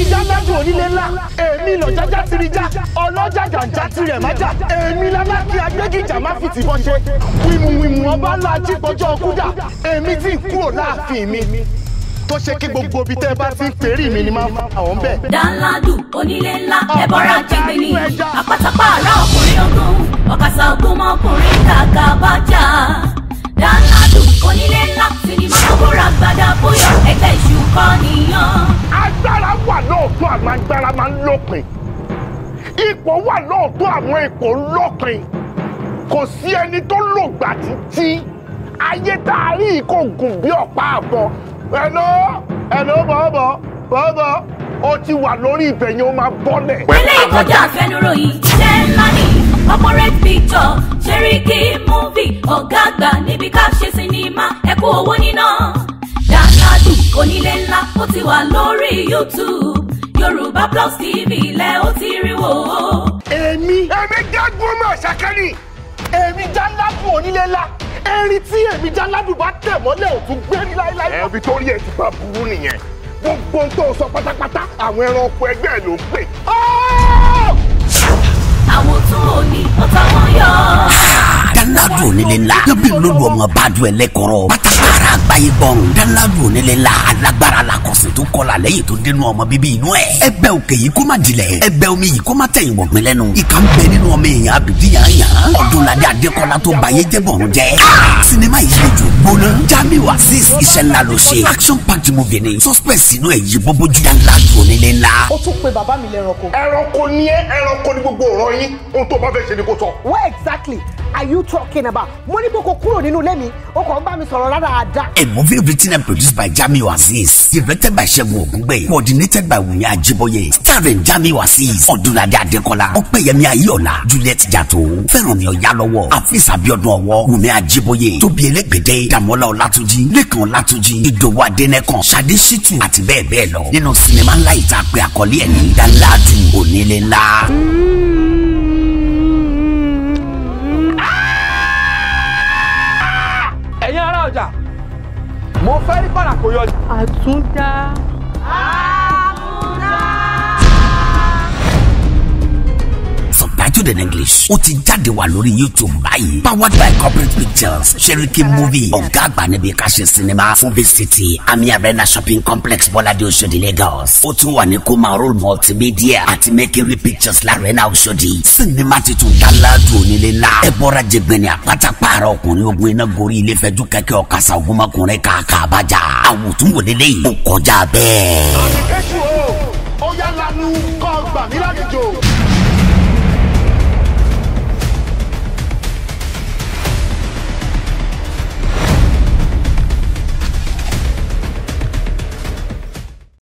ìjà lájú onílé ńlá èmi lọ́jàjà tìrìjà ọlọ́jàjà já tirẹ̀ má jà èmi lálákì agbẹ́gìjà má fi tìbọn ṣe wímúwímú ọba ńlá jípọ̀jọ́ kúdà èmi tí kúrò láàfin mi tó ṣe kí gbogbo ibi tẹ́ bá ti ń pèrè mi ni máa ń fa àwọn bẹ́ẹ̀. dáńládù onílé ńlá ẹ̀bọ́ra jẹ̀gbẹ́ ni àpátápá àrà ọkùnrin ogun ọ̀kàṣà ogun mọ́ ọkùnrin kàkà bá jà. dáńládù onílé ńlá sinimá kókó ra gbàdá bóyá ẹgbẹ́ ìṣù kọ́ nìyàn. agbára lópin ipò wà lóòótọ́ àwọn ipò lópin kò sí ẹni tó lògbà títí ayé tá a rí kò gùn bí ọ̀pá àbọ̀ ẹ̀nà ẹ̀nà bọ̀ọ̀bọ̀ bọ̀ọ̀bọ̀ ó ti wà lórí ibẹ̀ yẹn ó máa bọ́lẹ̀. ilé ìkọjá àfẹnuròyìn ṣẹ́ ńlá ní corporate picture ṣeríkì movie ọ̀gá àgbà níbi ká ṣe sinimá ẹ̀kú owó níná dáńgá dùn onílé ńlá ó ti wà lórí YouTube Yorùbá Plus TV lẹ ó ti rí wò ó. èmi èmi jágun ọmọ ṣàkẹ́ni èmi jáládùn onílé la ẹrin tí èmi jáládùn bá tẹ̀ mọ́lẹ̀ ò tún gbé ní láéláé. ẹ ibi tó rí ẹ ti bá burú nìyẹn gbogbo tó sọ pátápátá àwọn ẹranko ẹgbẹ́ ló ń pè. àwọn tó o ní ọ̀tá wọn yọ. jáládùn onílé la yóò bí lólu ọmọ bá ju ẹlẹ́kọ̀ọ́rọ̀ pátá àgbáyé gbọ̀rùn dánláàlú onílé la alágbára la kọ̀sìn tó kọ́ la lẹ́yìn tó dénú ọmọ bíbí inú ẹ̀. ẹ̀bẹ̀ òkè yìí kó má dilẹ̀ ẹ̀bẹ̀ omi yìí kó má tẹ̀yìn wọ̀gbìn lẹ́nu. ìka ń bẹ nínú ọmọ èèyàn àbìdí yàn yàn. ọdúnladé adékọlá tó bayé jẹ́ bọ̀rùn jẹ́. Ah! sinimá yìí lè jù gbóná. jami wasis iṣẹ́ ńlá ló ṣe. action packed movie ni suspense inú ẹ̀ yí bóbó ju dánláàlú onílé la. ó tún pe bàbá mi lẹ́ranko. where exactly are you talking about mo ní kókó kúrò nínú ilé mi ó bá mi sọ̀rọ̀ ráráda. a movie written and produced by Jamiu Azeez directed by Segun Ogungbe coordinated by Wunmi Ajiboye starring Jamiu Azeez Odunlade Adekola Ọpẹ́yẹmí Ayọ̀lá Juliet Jato Fẹ́rànmi Ọ̀yálọ́wọ́ Afis Abiodun Ọwọ́ Wunmi Ajiboye Tóbi Elégédé Dàmọ́lá Ọlátúnjí Lékan Ọlátúnjí Ìdòwú Adẹ́nẹ́kan Ṣadé Ṣítù àti bẹ́ẹ̀ bẹ́ẹ̀ lọ nínú sinimá ńlá ìta pé àkọlé ẹ̀ ní Dáńlá Dùn Onílé Ńlá. Hmm. mo fẹ́ rí bàrà kò yọ. àtúndá. Ah! in English ó ti jáde wà lórí YouTube báyìí powered by corporate pictures Seriki movie ọ̀gá àgbà níbi ká ṣe sinimá fún Ami Arena shopping complex Bọ́ládé oshodi Lagos ó tún wà ní Kuma Road multimedia àti Mercury pictures l'Arena Oṣòdì sinimá titun dáládù onílé ńlá ẹ bọ́ra jẹgbẹ́ni àpáta pààrọ̀ ọkùnrin ogun iná gorí ilé fẹjú kẹkẹ ọ̀kasà ògùnmọkùnrin kàkà àbájá àwòtúnwò lélẹ́yìn ó kọjá bẹ́ẹ̀. àṣìkẹ́kù o ó yá lanu kọ́ gbàmílàlejò.